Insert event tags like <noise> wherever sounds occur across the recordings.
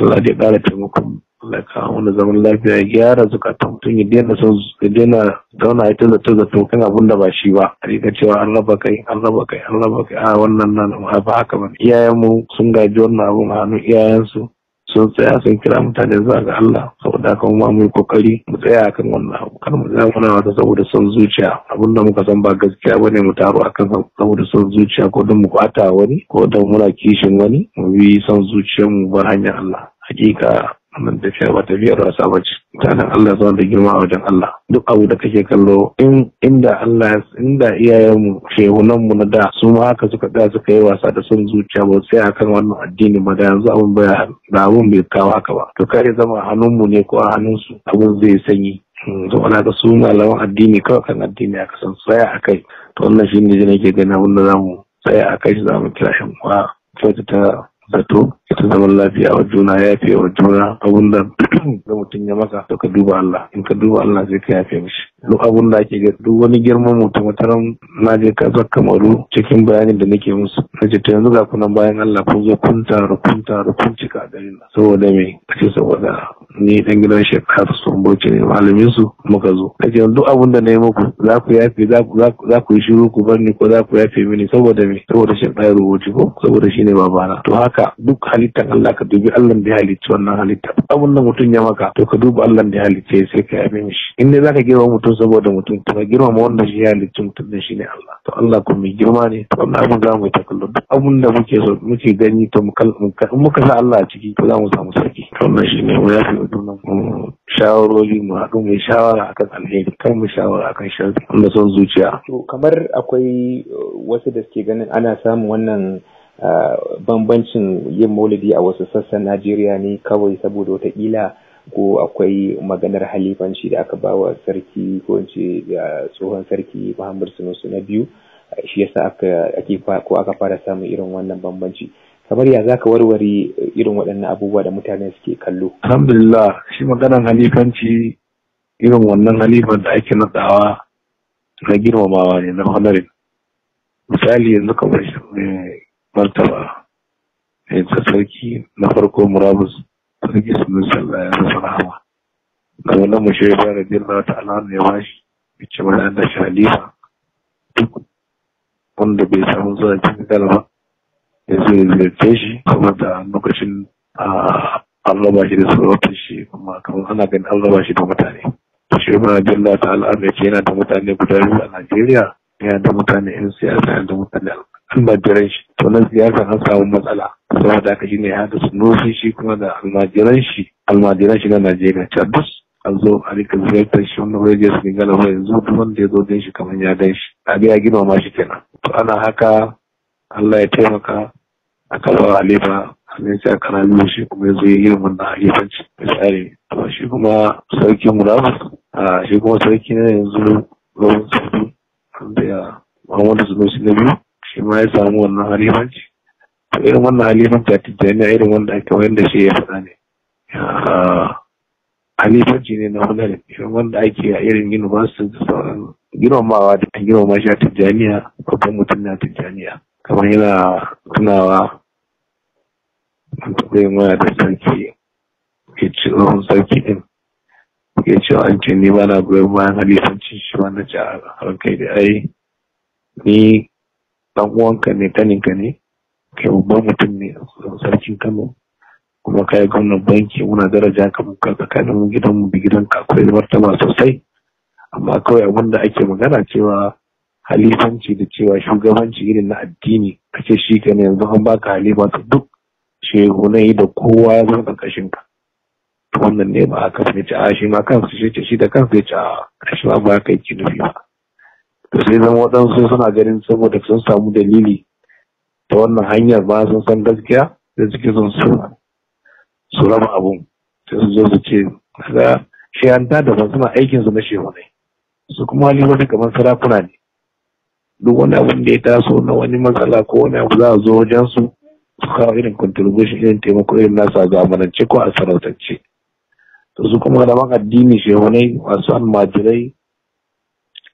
Allah da ya ƙara taimakon Allah ka wani zaman lafiya ya gyara zukatan mutum ya daina son ya daina zauna ya ta zato zato kan abin da ba shi ba a rika cewa an raba kai an raba kai an raba kai a wannan nan ba haka ba iyayen mu sun gaji wannan abun a hannun su. sun tsaya sun kira mutane zuwa ga Allah saboda haka ma mu yi kokari mu tsaya akan wannan abu kar mu tsaya muna wata saboda son zuciya abin da muka san ba gaskiya bane mu taro akan saboda son zuciya ko don mu kwata wani ko don muna kishin wani mu bi son zuciyar mu bar hanyar Allah hakika wannan cewa ta biyar wasa ba ce mutanen Allah zuwa da girma a wajen Allah duk abu da kake kallo inda Allah inda iyayenmu shehunanmu na da su ma haka suka da suka yi wasa da sun zuciya ba sai akan wannan addini ba da yanzu abun bai da abun bai kawo haka ba to kare zama a hannunmu ne ko a hannunsu abun zai sanyi hmm, to ana ga su malaman addini kawai kan addini aka san tsaya a kai to wannan shi ne nake gani abin da zamu tsaya a kai za mu kira shan kwa. ta zato ita zaman lafiya wa juna fiye wa juna abun da <clears throat> mutum ya maka to ka duba Allah in ka duba Allah zai ka yafe mishi duk abun da ake gani duk wani girman mutum wata ran na je zaka kamaru cikin bayanin da nake musu na ce ta yanzu ga kunan bayan Allah kun zo kun taru kun taru kun cika a garin saboda me kace saboda ni dan gidan shekara sun boce ne malamin su muka zo kace yanzu duk abun da nayi muku za ku yafe za ku shiru ku bar ni ko za ku yafe mini saboda me saboda dai rubuci ko saboda shi ne babana to haka duk halittar Allah ka dubi Allah da halitta wannan halitta. abun da mutum ya maka to ka duba Allah da halitta halicce sai ka yafe mishi in dai zaka girma mutum saboda mutum to girma ma wanda shi ya halicci mutum da shi ne Allah to Allah ko mai girma ne to Allah abin za mu yi takallu duk abin da muke so muke gani to mu muka sa Allah a ciki to za mu samu sarki. to wannan shi ne mu ya fi mutum shawarori mu haɗu mai shawara akan alheri kar mu shawara akan sharri wanda son zuciya to kamar akwai uh, wasu da suke ganin ana samun wannan uh, bambancin yin maulidi a wasu sassan Najeriya ne kawai saboda watakila ko akwai maganar halifanci da aka bawa sarki ko ce tsohon sarki muhammad sunusu na biyu shi yasa aka ake ko aka fara samun irin wannan bambanci kamar ya zaka warware irin waɗannan abubuwa da mutane suke kallo alhamdulillah shi maganar halifanci irin wannan halifan da ake nadawa na girmamawa ne na honorin misali yanzu kamar eh, martaba yanzu eh, sarki na farko muramus. sarki sunan sallah ya rasa rahama da nan mu shi ba radiyallahu ta ne ya bashi bice mai an da shalifa duk wanda bai samu zuwa cikin galaba ya zo ya ziyarce shi kuma da lokacin an raba shi da sarautar shi kuma kamar ana ganin an raba shi da mutane to shi ba radiyallahu ta'ala ne ce yana da mutane guda biyu a Najeriya yana da mutane 'yan siyasa yana da mutane almajiran shi to na siyasa an samu matsala saboda aka shi ne ya haɗa shi kuma da almajiran shi na najeriya ta duk a zo a rika ziyartar shi wannan rediyo su gana yanzu duk wanda ya zo din shi kamar ya dan shi a biya ya gina ma shi kenan to ana haka allah ya taimaka a alifa halifa ne sai a karami shi kuma ya zo ya irin wannan halifanci misali to shi kuma sarki muramus a shi kuma sarki na yanzu gwamnati da muhammadu sunusi na biyu shi ma ya samu wannan halifanci to irin wannan halifanta tijjaniya irin wanda ake wanda shi ya faɗa ne halifanci ah, ne na hulari irin wanda ake a irin wasu da sauran girmamawa da ta girmama shi a tijjaniya babban mutum na tijjaniya kamar yana tunawa an taɓa yin waya da sarki ya ci tsohon sarki ɗin ya ce an ce ni ba na goyon bayan halifancin shi wanda na ci a rankai da ai ni ɗan uwanka ne taninka ne kai babban mutum ne sarkin kano kuma yi gwamnan banki muna daraja ka muka tsakanin gidanmu da gidanka akwai martaba sosai amma kawai abin da ake magana cewa halifanci da cewa shugabanci irin na addini a ce shi ka ne yanzu an baka halifa ta duk shehunai da kowa ya zama ƙarƙashin ka to wannan ne ba aka fi a shi ma kansu shi ce shi da kansu ya ci a shi ma ba ka yi nufi ba to sai zama waɗansu suna ganin saboda sun samu dalili ta wannan hanyar ba sun san gaskiya da suke son su raba abun sai su zo su ce ga an da ban suna aikin su na shehu ne su kuma wani kamar sarakuna ne duk wani abun da ya taso na wani matsala ko wani abu za a zo wajen su su kawo irin contribution irin taimako irin nasa a zamanance ko a sarautance to su kuma man addini shehunai masu almajirai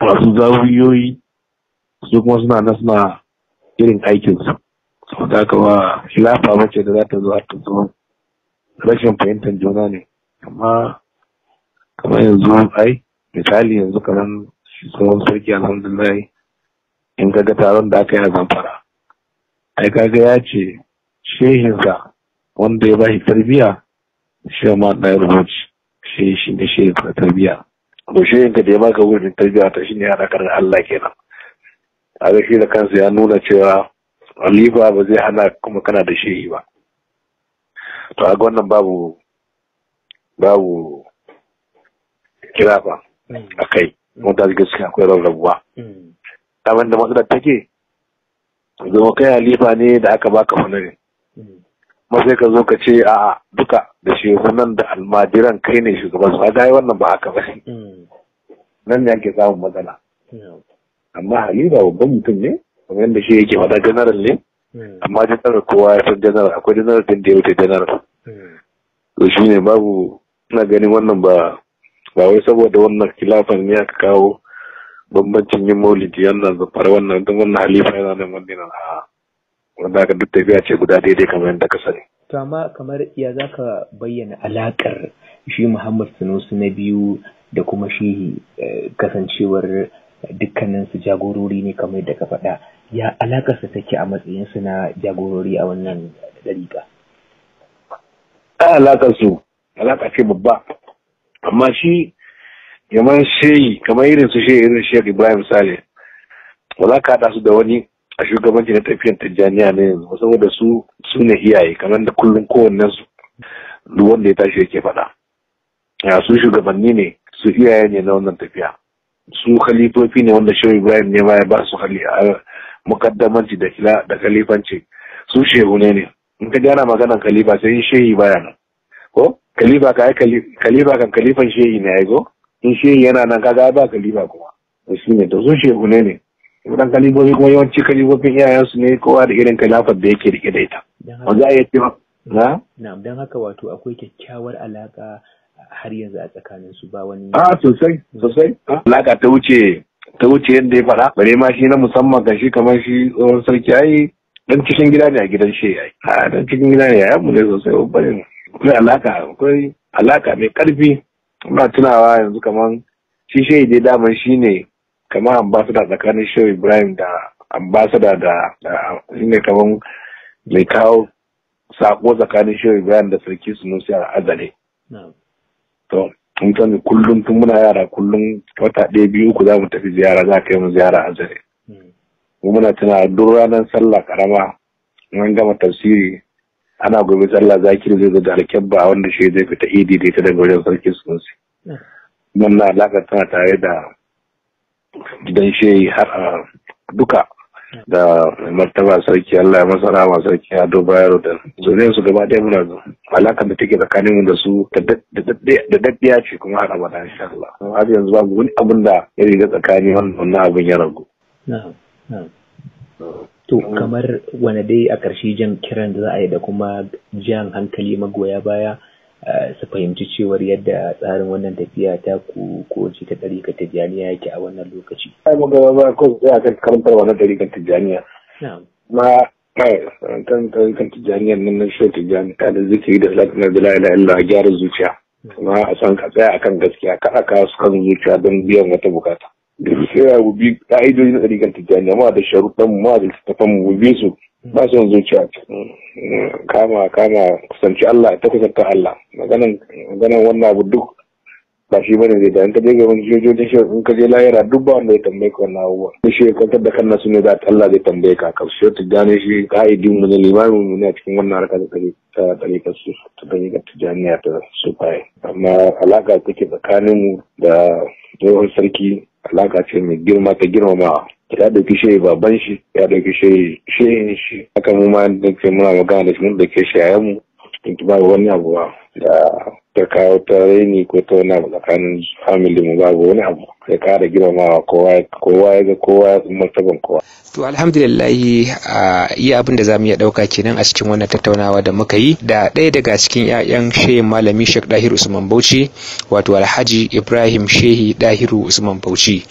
masu zawiyoyi su kuma suna na irin aikinsu da aka ba lafa mace da za ta zo har ta zo rashin fahimtar juna ne amma kamar yanzu ai misali yanzu kamar tsohon sarki alhamdulillah in ga ga taron da aka yi a zamfara ai kaga ya ce shehinsa wanda ya bashi tarbiya shi ma ɗaya rubuci shi shi ne shehin sa tarbiya to shehin ka da ya baka wurin tarbiya ta shi ne ana karin Allah kenan a shi da kansa ya nuna cewa Aliba ba zai hana kuma kana da shehi ba to a wannan babu babu kira ba a kai wanda gaskiya akwai rarrabuwa kamar hmm. da matsalar take zama kai halifa ne da aka baka fanarin hmm. masai ka zo ka ce a duka da shehunan da almajiran kai ne shugaban su ga wannan ba haka ba hmm. nan ne ake samun matsala amma halifa babban mutum ne kamar yadda shi yake faɗa general ne hmm. amma general kowa ya san general akwai general din da ya wuce general hmm. to shi ne babu ina ganin wannan ba ba wai saboda wannan kilafan ne aka kawo bambancin yin maulidi yana zafar wannan don wannan halifa yana nan na a wanda aka duk tafiya ce guda daidai kamar yadda ka sani. to amma kamar ya za ka bayyana alaƙar shi muhammad sanusi na biyu da kuma shi eh, kasancewar dukkanin su jagorori ne kamar yadda ka faɗa ya alakarsa take a matsayinsu na jagorori a wannan dariƙa? A alakarsu, alaƙa ce babba, amma shi yaman shehi kamar irin su shehi irin shek Ibrahim Saleh, ba za ka su da wani a shugabanci na tafiyan Tanzania na yanzu, saboda su su ne iyaye kamar da kullum kowannensu duk wanda ya tashi yake faɗa. Ya su shugabanni ne, su iyaye ne na wannan tafiya. su khalifofi ne wanda shehu ibrahim ne ma ya ba su mukaddamanci da kila da kalifanci su shehu ne ne in ka gana maganan kalifa sai shehi baya nan ko kalifa ka ai kalifa kan kalifan shehi ne ai ko in shehi yana nan kaga ba kalifa kuma shi ne to su shehu ne ne wadan kalifofi kuma yawanci kalifofin iyayensu ne kowa da irin kalafar da yake rike da ita wanda a yake na na dan haka wato akwai kyakkyawar alaka har yanzu a tsakanin su ba wani a ah, sosai sosai ah, alaka ta wuce ta wuce yadda ya faɗa bare ma shi na musamman ga shi kamar shi tsohon sarki yi dan cikin gida ne a gidan shi ai a dan cikin gida ne yayan mu ne sosai babban akwai alaka akwai alaka mai karfi ina tunawa yanzu kamar shi shehi dai daman shi ne kamar ambasada tsakanin shehu ibrahim da ambasada da shi ne kamar mai kawo sako tsakanin shehu ibrahim da sarki sunusi a azare to mun sani kullum tun muna yara kullum wata ɗaya biyu uku za mu tafi ziyara za ka yi mu ziyara a zare mu muna tuna duk ranar sallah karama mun gama tafsiri ana gobe sallah zakiru, zai zo da alkebba wanda shi zai fita idi da ita daga wajen sarki sunsi mun na alaka tana tare da gidan shehi har a duka da martaba sarki Allah ya masara ma sarki Ado Bayero da zuriyarsu gaba ɗaya muna zo alakan da take tsakanin da su da daddiya ce kuma har abada insha Allah har yanzu babu wani abin da ya riga tsakani wannan abin ya ragu to kamar wane dai a ƙarshe jan kiran da za a yi da kuma jan hankali magoya baya eh, su fahimci cewar yadda tsarin wannan tafiya ta ku ko ce ta ɗarikar tijjaniya yake a wannan lokaci. Ai magana ba ko sai akan karantar wannan ɗarikar tijjaniya. Na kan kan tijaniyar nan na shi tijani ta da zikiri da lakanar da la'ila illa gyara zuciya kuma a san ka tsaya akan gaskiya ka aka su kan zuciya don biyan wata bukata da sai a gubi ka'idojin ɗarikan tijani ma da sharuɗan ma da littattafan mu bi su ba son zuciya kama kama kusanci Allah ta kusanta Allah maganan wannan abu duk ba shi bane zai da in ka je gaban jojojin shi in ka je lahira duk ba wanda ya tambaye ka wannan abubuwa ni shi ya kwantar da kanna su ne za Allah zai tambaye ka ka shi ta gane shi ka'idin mu ne limamin mu ne a cikin wannan harka da kare ta ka su ta ga tijaniya ta baye amma alaƙa take tsakanin mu da tsohon sarki alaƙa ce mai girma ta girmamawa ya dauki shi baban shi ya dauki shi shehin shi haka mu ma da ke muna magana da shi mun ɗauke shi yayan mu in ki ba wani abu da ta kawo ta raini ko ta wani abu tsakanin family mu babu wani abu ya kara girmamawa kowa kowa ya ga kowa ya martaban kowa to alhamdulillah iya abin da zamu iya dauka kenan a cikin wannan tattaunawa da muka yi da ɗaya daga cikin ƴaƴan shehin malami Sheikh Dahiru Usman Bauchi wato Alhaji Ibrahim Shehi Dahiru Usman Bauchi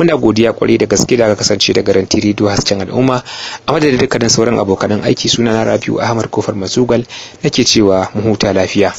muna godiya kwarai da gaske da kasance da garin Rediyo hasken al'umma a madadin dukkanin sauran abokan aiki suna na Rabiu Ahmad Kofar Mazugal nake cewa mu huta lafiya